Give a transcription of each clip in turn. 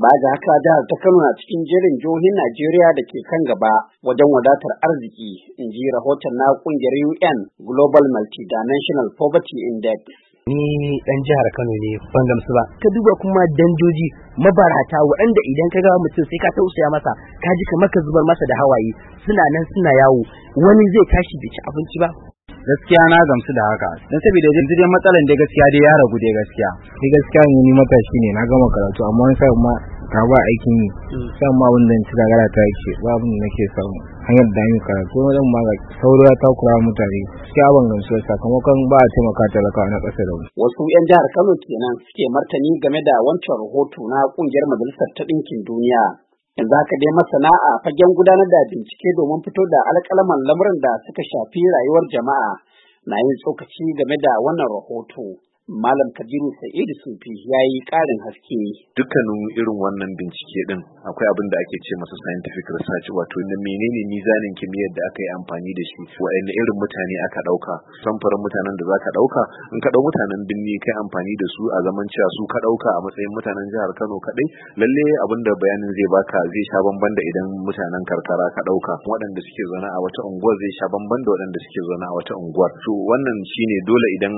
ba ga haka jihar ta Kano na cikin jerin jihohin Najeriya da ke kan gaba wajen wadatar arziki in ji rahoton na kungiyar UN Global Multidimensional Poverty Index. Ni dan jihar Kano ne ban gamsu ba. Ka duba kuma danjoji mabarata waɗanda idan ka ga mutum sai ka tausaya masa ka ji kamar ka zubar masa da hawaye suna nan suna yawo wani zai tashi bai ci abinci ba gaskiya na gamsu da haka don saboda yanzu dai matsalan da gaskiya dai ya ragu dai gaskiya ni gaskiya ne ni matashi ne na gama karatu amma wani sai kuma ka ba aikin yi san mm. ma wanda da ci gagara ta yake ba abin da nake samu hanyar da yin karatu wajen ma ga ta ya mutane sai abin gamsuwa sakamakon ba a taimaka talakawa na ƙasa da wasu 'yan jihar Kano kenan suke martani game da wancan rahoto na ƙungiyar majalisar ta ɗinkin duniya yanzu haka dai masana a fagen gudanar da bincike domin fito da alƙalaman lamuran da suka shafi rayuwar jama'a na yin tsokaci game da wannan rahoto. Malam Kabiru Sa'idu Sufi ya yi ƙarin haske. Dukkanin irin wannan bincike din akwai abin da ake ce masa scientific research wato na menene mizanin kimiyyar da aka yi amfani da shi waɗanne irin mutane aka ɗauka samfurin mutanen da za ka ɗauka in ka ɗau mutanen birni kai amfani da su a zaman cewa su ka ɗauka a matsayin mutanen jihar Kano kaɗai lalle abin da bayanin zai baka zai sha bamban da idan mutanen karkara ka ɗauka waɗanda suke zaune a wata unguwar zai sha bamban da waɗanda suke zaune a wata unguwar. To wannan shine dole idan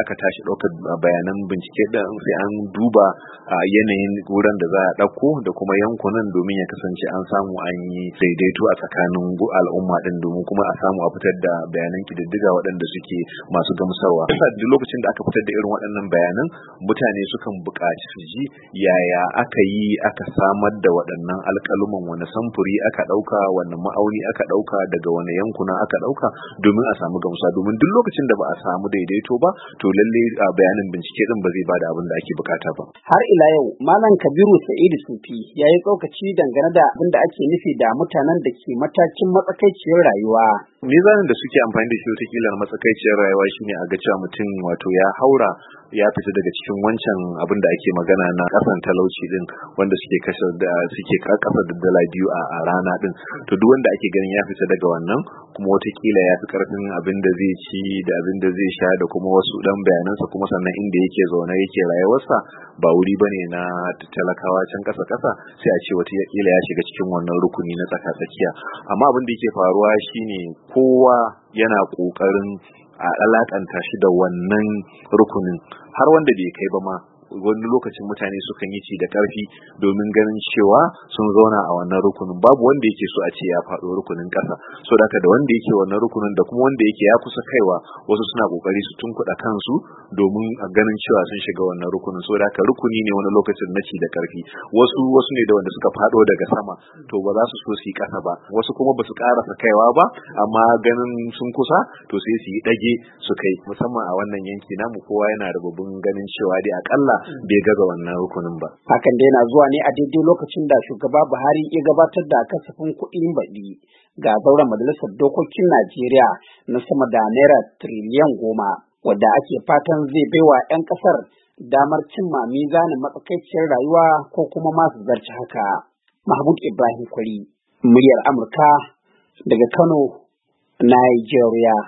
aka tashi ɗaukar A bayanan bincike din sai an duba a yanayin wurin da za a ɗauko da kuma yankunan domin ya kasance an samu an yi daidaito a tsakanin al'umma din domin kuma a samu a fitar da bayanan kididdiga waɗanda suke masu gamsarwa. duk lokacin da aka fitar da irin waɗannan bayanan mutane sukan buƙaci su ji yaya aka yi aka samar da waɗannan alƙaluman wani samfuri aka ɗauka wani ma'auni aka ɗauka daga wani yankuna aka ɗauka domin a samu gamsa. domin duk lokacin da ba a samu daidaito ba to lalle bayanin bincike din ba zai bada abin da ake bukata ba har ila yau malam kabiru sa'idu sufi ya yi tsokaci dangane da abin da ake nufi da mutanen da ke matakin matsakaiciyar rayuwa mizanin da suke amfani da shi watakila matsakaiciyar rayuwa shine a ga cewa mutum wato ya haura ya fita daga cikin wancan abin da ake magana na kasan talauci din wanda suke kashe da suke kasa da dala biyu a rana din to duk wanda ake ganin ya fita daga wannan kuma watakila ya fi karfin abin da zai ci da abin da zai sha da kuma wasu dan bayanansa kuma sannan inda yake zaune yake rayuwarsa ba wuri bane na talakawa can kasa kasa sai a ce wata kila ya shiga cikin wannan rukuni na tsaka tsakiya amma abin da yake faruwa shine kowa yana kokarin a alakanta shi da wannan rukunin har wanda bai kai ba ma wani lokacin mutane sukan yi ci da ƙarfi domin ganin cewa sun zauna a wannan rukunin babu wanda yake so a ce ya faɗo rukunin ƙasa so da da wanda yake wannan rukunin da kuma wanda yake ya kusa kaiwa wasu suna ƙoƙari su tunkuɗa kansu domin a ganin cewa sun shiga wannan rukunin so da rukuni ne wani lokacin na ci da ƙarfi wasu wasu ne da wanda suka faɗo daga sama to ba za su so su yi ƙasa ba wasu kuma ba su ƙarasa kaiwa ba amma ganin sun kusa to sai su yi ɗage su kai musamman a wannan yanki namu kowa yana da babban ganin cewa dai akalla Hmm. bai gaza wannan rukunin ba. Hakan da yana zuwa ne a daidai lokacin da shugaba Buhari ya gabatar da kasafin kuɗin baɗi ga zauren majalisar dokokin Najeriya na sama da naira tiriliyan goma wadda ake fatan zai baiwa 'yan ƙasar damar cimma mizanin matsakaiciyar rayuwa ko kuma masu zarci haka. Mahmud Ibrahim Kwari, muryar Amurka daga Kano, Nigeria.